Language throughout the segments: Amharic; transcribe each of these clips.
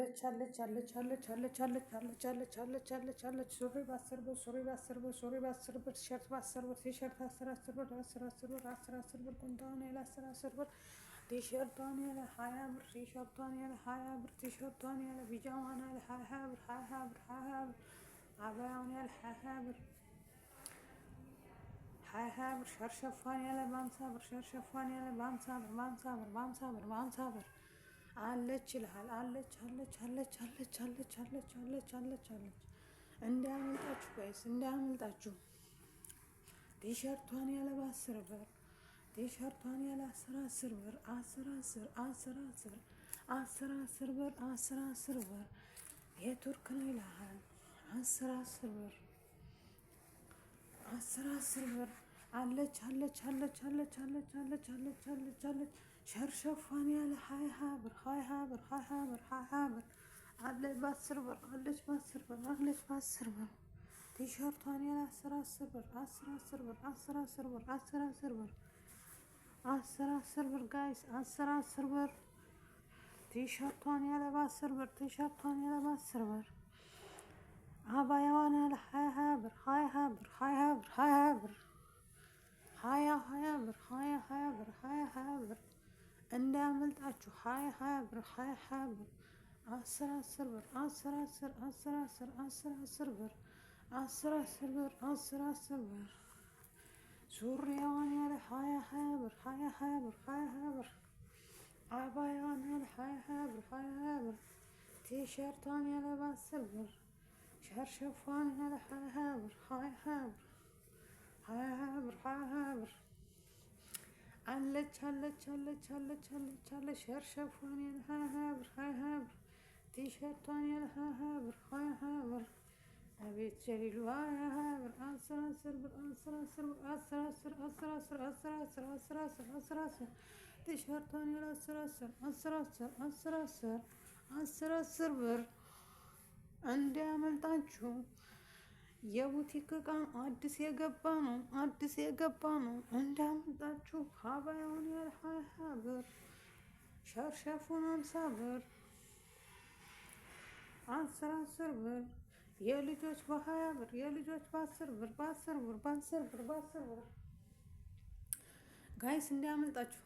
አለች አለች አለች አለች አለች አለች አለች አለች አለች አለች አለች ሱሪ በአስር ብር ሱሪ በአስር ብር ሱሪ በአስር ብር ቲሸርት በአስር ብር ቲሸርት አስር አስር ብር አስር አስር ብር አስር አስር ብር ቁምጣውን ያለ አስር አስር ብር ቲሸርቷን ያለ ሀያ ብር ቲሸርቷን ያለ ሀያ ብር ቲሸርቷን ያለ ቢጃዋን ያለ ሀያ ብር ሀያ ብር ሀያ ብር አበያውን ያለ ሀያ ሀያ ብር ሀያ ብር ሸርሸፏን ያለ በአምሳ ብር ሸርሸፏን ያለ በአምሳ ብር በአምሳ ብር በአምሳ ብር በአምሳ ብር አለች ይልሃል። አለች አለች አለች አለች አለች አለች አለች አለች አለች። እንዳያመልጣችሁ ወይስ እንዳያመልጣችሁ። ቲሸርቷን ያለባ አስር ብር ቲሸርቷን ያለ አስር አስር ብር አስር አስር አስር አስር አስር አስር ብር አስር አስር ብር የቱርክ ነው ይልሃል። አስር አስር ብር አስር አስር ብር አለች አለች አለች አለች አለች አለች አለች አለች አለች ሸርሸፋን ያለ ሀይ ሀብር ሀይ ሀብር ሀይ ሀብር ሀይ ሀብር አለች በአስር ብር አለች በአስር ብር አለች በአስር ብር ቲሸርቷን ያለ አስር አስር ብር አስር አስር ብር አስር አስር ብር አስር አስር ብር አስር አስር ብር ጋይስ አስር አስር ብር ቲሸርቷን ያለ በአስር ብር ቲሸርቷን ያለ በአስር ብር አባያዋን ያለ ሀያ ሀያ ብር ሀያ ሀያ ብር ሀያ ሀያ ብር ሀያ ሀያ ብር هاي هاي بر هاي هاي بر هاي هاي بر اندا عملت اچو هاي هاي بر هاي هاي بر اسر اسر بر اسر اسر اسر اسر اسر اسر بر اسر اسر بر اسر اسر بر شور يا وني على هاي هاي بر هاي هاي بر هاي هاي بر ابا يا وني على هاي هاي بر هاي هاي بر تي شيرت وني على بس بر شهر شوفان على هاي هاي بر هاي هاي بر ሐምር ሐምር አለች አለች አለች አለች አለች አለች ሸርሸፏን ያል ሐምር ሐምር ቲሸርቷን ያል ሐምር ሐምር አቤት ጀሊሉ ሐምር አስር አስር ብር አስር አስር ብር አስር አስር አስር አስር አስር አስር አስር አስር አስር አስር ቲሸርቷን ያል አስር አስር አስር አስር አስር አስር አስር አስር ብር እንዲያመልጣችሁ የቡቲክ እቃ አዲስ የገባ ነው፣ አዲስ የገባ ነው። እንዳመጣችሁ ሀባያውን ያህል ሀያ ብር፣ ሸርሸፉን አምሳ ብር፣ አስር አስር ብር፣ የልጆች በሀያ ብር፣ የልጆች በአስር ብር፣ በአስር ብር፣ በአስር ብር፣ በአስር ብር። ጋይስ እንዲያመልጣችሁ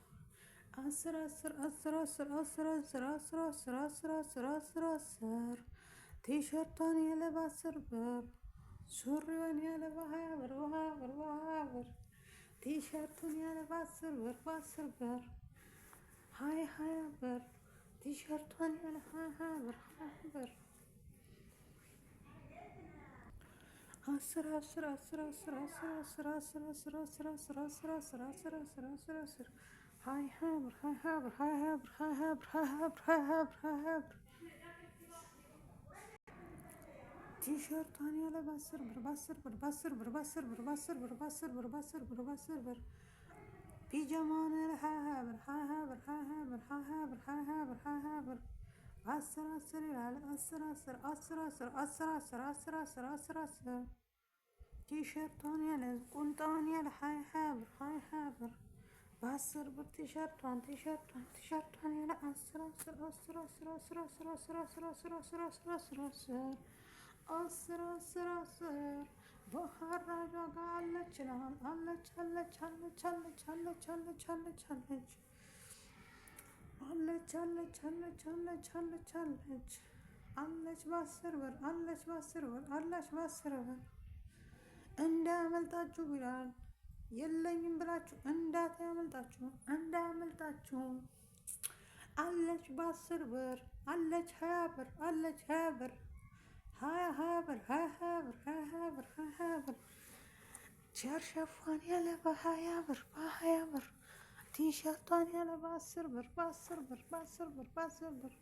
አስር አስር አስር አስር አስር አስር አስር አስር አስር አስር አስር አስር ቲሸርቷን ያለ አስር ብር ሱሪውን ያለ በሀብር በሀብር በሀብር ቲሸርቱን ያለ በአስር ብር በአስር ብር ሀይ ሀያ ብር ቲሸርቷን ያለ ሀያ ብር ሀያ ብር አስር አስር አስር አስር አስር አስር አስር አስር አስር አስር አስር አስር አስር አስር አስር አስር ሀይ ሀያ ብር ሀያ ብር ሀያ ብር ሀያ ብር ሀያ ብር ሀያ ብር ሀያ ብር ቲሸርቷን ታን ያለ ባስር ብር ባስር ብር ባስር ብር ባስር ብር ባስር ብር ባስር ብር ባስር ብር ባስር ብር ፒጃማውን ያለ ሀያ ሀያ ብር ሀያ ሀያ ብር ሀያ ሀያ ብር ሀያ ሀያ ብር ሀያ ሀያ ብር ሀያ ሀያ ብር አስር አስር ይላል አስር አስር አስር አስር አስር አስር አስር አስር አስር አስር ቲሸርቷን ያለ ቁንጣውን ያለ ሀያ ሀያ ብር ሀያ ሀያ ብር በአስር ብር ቲሸርቷን ቲሸርቷን ቲሸርቷን ያለ አስር አስር አስር አስር አስር አስር አስር አስር አስር አስር አስር አስር አስር አስር አስር አስር አስር በሀራዧ ጋ አለች ላም አለች አለች አለች አለች አለች አለች አለች አለች አለች አለች አለች አለች አለች አለች አለች በአስር ብር አለች በአስር ብር አለች በአስር ብር እንዳያመልጣችሁ ይላል። የለኝም ብላችሁ እንዳታያመልጣችሁ እንዳያመልጣችሁ። አለች በአስር ብር አለች ሀያ ብር አለች ሀያ ብር ሀሀብር ሀሀብር ሀሀብር ሀሀብር ቲሸርት ሸፏን ያለ በሀያ ብር በሀያ ብር ቲሸርቷን ያለ በአስር ብር በአስር ብር በአስር ብር በአስር ብር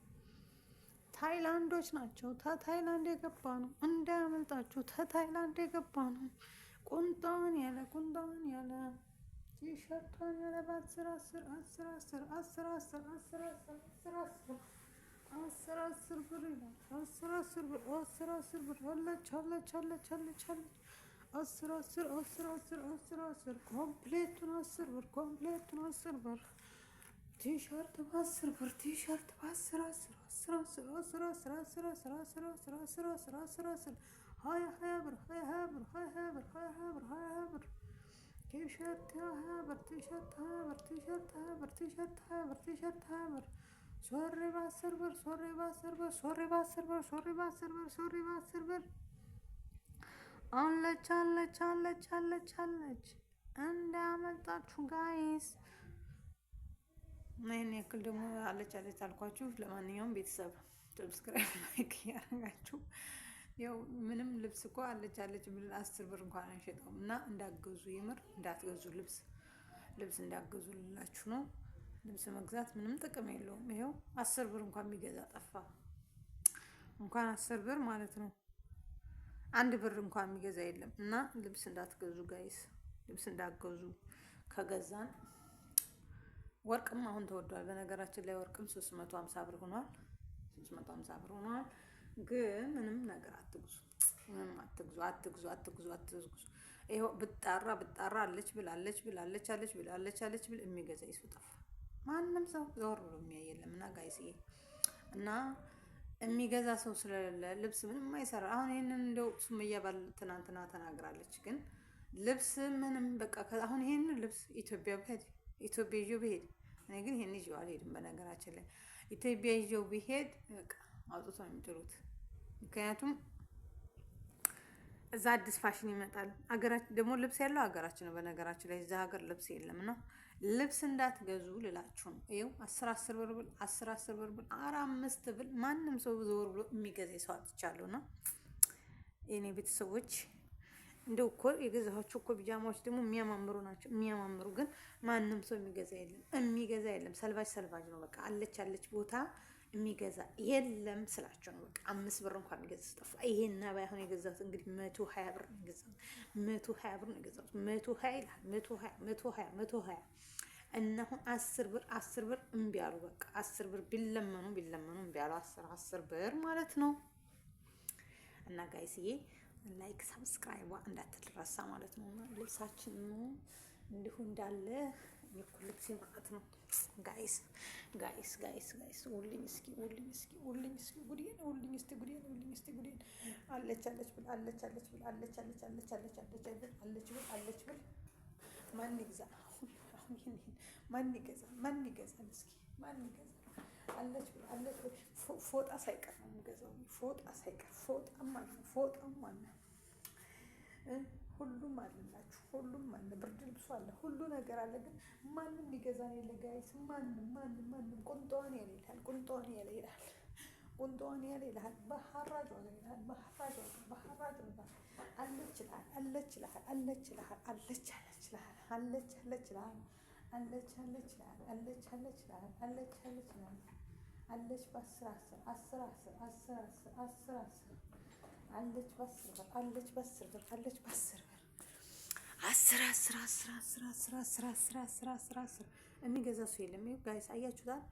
ታይላንዶች ናቸው። ተታይላንድ የገባ ነው እንዳያመልጣችሁ። ተታይላንድ የገባ ነው። ቁምጣዋን ያለ ቁምጣዋን ያለ ቲሸርቷን ያለ በአስር አስር አስር አስር አስር አስር አስር አስር አስር አስር Asra sırbırıyla. Asra sırbır. Asra sırbır. Halla çalla çalla çalla çalla. Asra sır asra sır asra sır. Kompletun asırbır. Kompletun asırbır. Tişörtüm asırbır. Tişörtüm asra sır. Asra sır asra sır asra sır asra sır asra sır asra sır. Hay haber hay haber hay haber hay haber hay haber. Tişört haber tişört haber tişört haber tişört haber tişört haber. ሶሪ በአስር ብር ሶሪ በአስር ብር ሶሪ በአስር ብር ሶሪ በአስር ብር ሶሪ በአስር ብር አለች አለች አለች አለች አለች እንዳያመልጣችሁ ጋይስ። ይህን ያክል ደግሞ አለች አለች አልኳችሁ። ለማንኛውም ቤተሰብ ሰብስክራይብ፣ ላይክ እያደረጋችሁ ያው ምንም ልብስ እኮ አለች አለች ብል አስር ብር እንኳን አንሸጠውም እና እንዳገዙ የምር እንዳትገዙ ልብስ ልብስ እንዳገዙ ልላችሁ ነው። ልብስ መግዛት ምንም ጥቅም የለውም። ይኸው አስር ብር እንኳን የሚገዛ ጠፋ። እንኳን አስር ብር ማለት ነው አንድ ብር እንኳን የሚገዛ የለም። እና ልብስ እንዳትገዙ ጋይስ፣ ልብስ እንዳትገዙ ከገዛን ወርቅም አሁን ተወዷል። በነገራችን ላይ ወርቅም 350 ብር ሆኗል። 350 ብር ሆኗል። ግን ምንም ነገር አትግዙ፣ ምንም አትግዙ፣ አትግዙ፣ አትግዙ፣ አትግዙ። ይኸው ብጣራ ብጣራ አለች ብላለች ብላለች አለች ብላለች አለች ብል የሚገዛ ይሱ ጠፋ። ማንም ሰው ዞር ብሎ የሚያይ የለም። እና እና የሚገዛ ሰው ስለሌለ ልብስ ምንም አይሰራ። አሁን ይህንን እንደው ሱመያ ባል ትናንትና ተናግራለች። ግን ልብስ ምንም በቃ አሁን ይህንን ልብስ ኢትዮጵያ ብሄድ ኢትዮጵያ ይዤው ብሄድ እኔ ግን ይህን ይዤው አልሄድም። በነገራችን ላይ ኢትዮጵያ ይዤው ብሄድ በቃ አውጥቶ ነው የሚጥሉት ምክንያቱም እዛ አዲስ ፋሽን ይመጣል። ሀገራችን ደግሞ ልብስ ያለው ሀገራችን ነው። በነገራችን ላይ እዛ ሀገር ልብስ የለም ነው። ልብስ እንዳትገዙ ልላችሁ ነው። ይኸው አስር አስር ብር ብል አስር አስር ብር ብል አራ አምስት ብል ማንም ሰው ዞር ብሎ የሚገዛ ሰው አጥቻለሁ ነው የኔ ቤተሰቦች። እንደው እኮ የገዛኋቸው እኮ ቢጃማዎች ደግሞ የሚያማምሩ ናቸው የሚያማምሩ ግን ማንም ሰው የሚገዛ የለም የሚገዛ የለም። ሰልባጅ ሰልባጅ ነው በቃ አለች አለች ቦታ የሚገዛ የለም ስላቸው ነው። በቃ አምስት ብር እንኳን የሚገዛ ስጠፋ ይሄና ባይሆን የገዛሁት እንግዲህ መቶ ሀያ ብር ነው መቶ ሀያ ብር ነው የገዛሁት። መቶ ሀያ ይላል። መቶ ሀያ መቶ ሀያ መቶ ሀያ እና አሁን አስር ብር አስር ብር እምቢ አሉ። በቃ አስር ብር ቢለመኑ ቢለመኑ እምቢ አሉ። አስር አስር ብር ማለት ነው። እና ጋይስዬ ላይክ ሰብስክራይቧ እንዳትረሳ ማለት ነው። ልብሳችን እንዲሁ እንዳለ ልብሴ ማለት ነው። ጋይስ ጋይስ ጋይስ ጋይስ ውልኝ እስኪ ውልኝ እስኪ ውልኝ እስኪ ጉዴን ውልኝ እስቲ ጉዴን ውልኝ እስቲ ጉዴን አለች አለች ብል አለች አለች ብል አለች አለች አለች አለች አለች አለች ብል አለች ብል ማን ይግዛ? አሁን ይሄን ማን ይገዛ? ማን እስኪ ማን አለች ብል አለች ብል ፎጣ ሳይቀር ነው የምገዛው ፎጣ ሳይቀር ፎጣ ማን ፎጣ ማን ሁሉም አለላችሁ፣ ሁሉም አለ፣ ብርድ ልብሱ አለ፣ ሁሉ ነገር አለ። ግን ማንም ሊገዛን የለ ጋይስ። ማንም ማንም ማንም ቁንጣዋን ያለ ይልሃል፣ ቁንጣዋን ያለ ይልሃል፣ ቁንጣዋን ያለ ይልሃል። በሐራጅ ዋጋ ይልሃል፣ በሐራጅ ዋጋ፣ በሐራጅ ዋጋ አለች ይልሃል፣ አለች ይልሃል፣ አለች ይልሃል፣ አለች አለች ይልሃል፣ አለች አለች ይልሃል፣ አለች አለች ይልሃል፣ አለች አለች ይልሃል፣ አለች አለች ይልሃል፣ አለች በአስር አስር አስር አስር አስር አስር አስር አለች በአስር ብር አለች በአስር ብር አለች በአስር ብር አስር አስር አስር አስር አስር አስር አስር አስር አስር አስር የሚገዛ ሰው የለም። ይኸው ጋይስ አያችሁታል።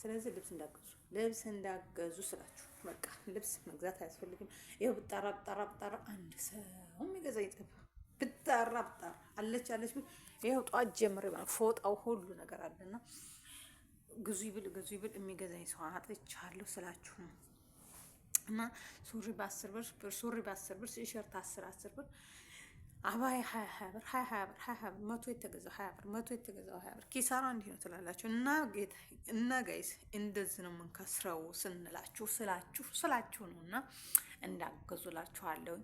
ስለዚህ ልብስ እንዳገዙ ልብስ እንዳገዙ ስላችሁ በቃ ልብስ መግዛት አያስፈልግም። ይኸው ብጣራ ብጣራ ብጣራ አንድ ሰው የሚገዛ ይጠፋ ብጣራ ብጣራ አለች አለች ይኸው ጠዋት ጀምሬ ፎጣው ሁሉ ነገር አለና ግዙ ይብል ግዙ ይብል የሚገዛኝ ሰው አጥቻለሁ ስላችሁ ነው። እና ሱሪ በአስር ብር ሱሪ በአስር ብር ቲሸርት አስር አስር ብር አባይ ሀያ ሀያ ብር ሀያ ሀያ ብር ሀያ ሀያ ብር መቶ የተገዛው ሀያ ብር መቶ የተገዛው ሀያ ብር ኪሳራ እንዲህ ነው ትላላችሁ። እና ጌታ እና ጋይስ እንደዚህ ነው የምንከስረው ስንላችሁ ስላችሁ ስላችሁ ነው። እና እንዳገዙላችኋለሁ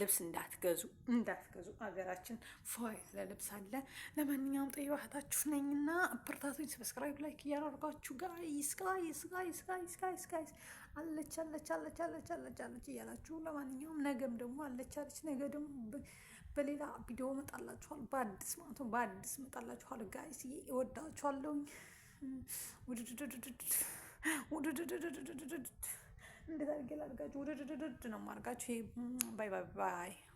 ልብስ እንዳትገዙ እንዳትገዙ። አገራችን ፏ ያለ ልብስ አለ። ለማንኛውም ጠይ ባህታችሁ ነኝና ብርታቶኝ ሰብስክራይብ ላይክ እያደረጋችሁ ጋይስ ጋይስ ጋይስ ጋይስ ጋይስ ጋይስ አለች አለች አለች አለች አለች አለች እያላችሁ ለማንኛውም ነገም ደግሞ አለች አለች ነገ ደግሞ በሌላ ቪዲዮ መጣላችኋል። በአዲስ ማለት ነው በአዲስ መጣላችኋል። ጋይስ እወዳችኋለሁኝ። እንደዛ